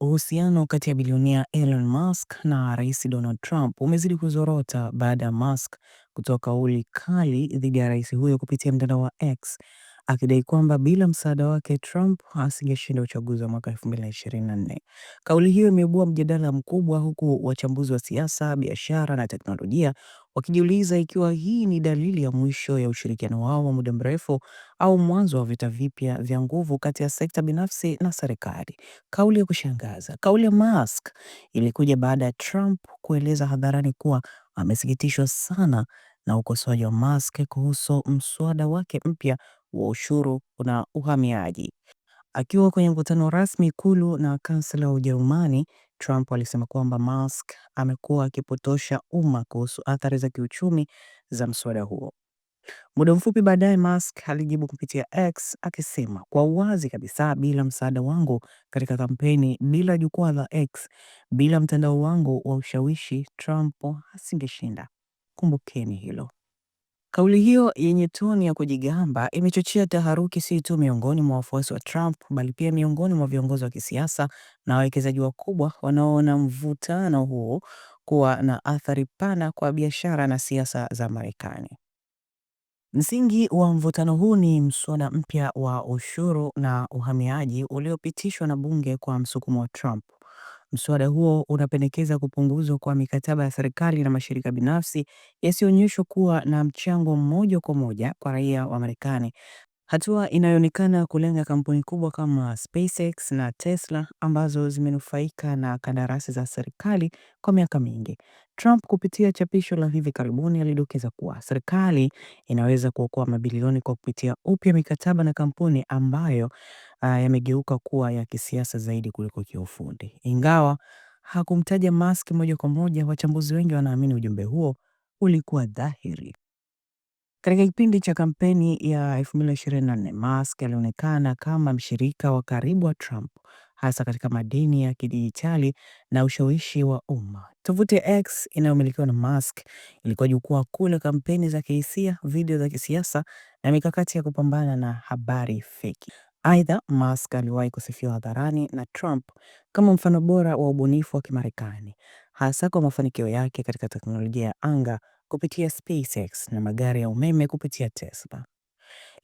Uhusiano kati ya bilionea Elon Musk na Rais Donald Trump umezidi kuzorota baada ya Musk kutoa kauli kali dhidi ya rais huyo kupitia mtandao wa X akidai kwamba bila msaada wake Trump asingeshinda uchaguzi wa mwaka 2024. Kauli hiyo imeibua mjadala mkubwa, huku wachambuzi wa siasa, biashara na teknolojia wakijiuliza ikiwa hii ni dalili ya mwisho ya ushirikiano wao wa muda mrefu au mwanzo wa vita vipya vya nguvu kati ya sekta binafsi na serikali. Kauli ya kushangaza. Kauli ya Musk ilikuja baada ya Trump kueleza hadharani kuwa amesikitishwa sana na ukosoaji wa Musk kuhusu mswada wake mpya wa ushuru na uhamiaji. Akiwa kwenye mkutano rasmi Ikulu na kansela wa Ujerumani, Trump alisema kwamba Musk amekuwa akipotosha umma kuhusu athari za kiuchumi za mswada huo. Muda mfupi baadaye, Musk alijibu kupitia X akisema, kwa uwazi kabisa, bila msaada wangu katika kampeni, bila jukwaa la X, bila mtandao wangu wa ushawishi, Trump asingeshinda. Kumbukeni hilo. Kauli hiyo yenye toni ya kujigamba imechochea taharuki si tu miongoni mwa wafuasi wa Trump bali pia miongoni mwa viongozi wa kisiasa na wawekezaji wakubwa wanaoona mvutano huo kuwa na athari pana kwa biashara na siasa za Marekani. Msingi wa mvutano huu ni mswada mpya wa ushuru na uhamiaji uliopitishwa na bunge kwa msukumo wa Trump. Mswada huo unapendekeza kupunguzwa kwa mikataba ya serikali na mashirika binafsi yasiyoonyeshwa kuwa na mchango mmoja kwa moja kwa raia wa Marekani, hatua inayoonekana kulenga kampuni kubwa kama SpaceX na Tesla ambazo zimenufaika na kandarasi za serikali kwa miaka mingi. Trump kupitia chapisho la hivi karibuni alidokeza kuwa serikali inaweza kuokoa mabilioni kwa kupitia upya mikataba na kampuni ambayo uh, yamegeuka kuwa ya kisiasa zaidi kuliko kiufundi. Ingawa hakumtaja Musk moja kwa moja, wachambuzi wengi wanaamini ujumbe huo ulikuwa dhahiri. Katika kipindi cha kampeni ya 2024, Musk alionekana kama mshirika wa karibu wa Trump, hasa katika madini ya kidijitali na ushawishi wa umma. Tovuti ya X inayomilikiwa na Musk ilikuwa jukwaa kuu la kampeni za kihisia, video za kisiasa na mikakati ya kupambana na habari feki. Aidha, Musk aliwahi kusifiwa hadharani na Trump kama mfano bora wa ubunifu wa Kimarekani, hasa kwa mafanikio yake katika teknolojia ya anga kupitia SpaceX na magari ya umeme kupitia Tesla.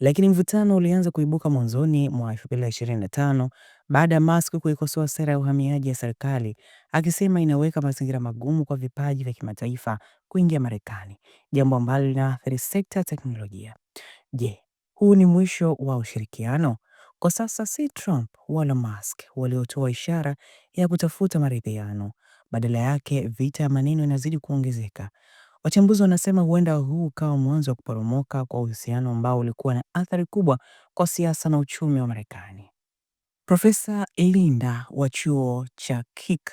Lakini mvutano ulianza kuibuka mwanzoni mwa 2025 baada ya Musk kuikosoa sera ya uhamiaji ya serikali, akisema inaweka mazingira magumu kwa vipaji vya kimataifa kuingia Marekani, jambo ambalo linaathiri sekta ya teknolojia. Je, huu ni mwisho wa ushirikiano? Kwa sasa si Trump wala Musk waliotoa ishara ya kutafuta maridhiano. Badala yake, vita ya maneno inazidi kuongezeka. Wachambuzi wanasema huenda huu ukawa mwanzo wa kuporomoka kwa uhusiano ambao ulikuwa na athari kubwa kwa siasa na uchumi wa Marekani. Profesa Linda wa chuo cha Kik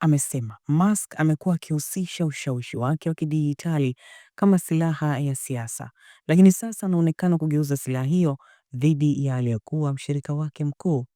amesema Musk amekuwa akihusisha ushawishi wake wa kidijitali kama silaha ya siasa, lakini sasa anaonekana kugeuza silaha hiyo dhidi ya aliyekuwa mshirika wake mkuu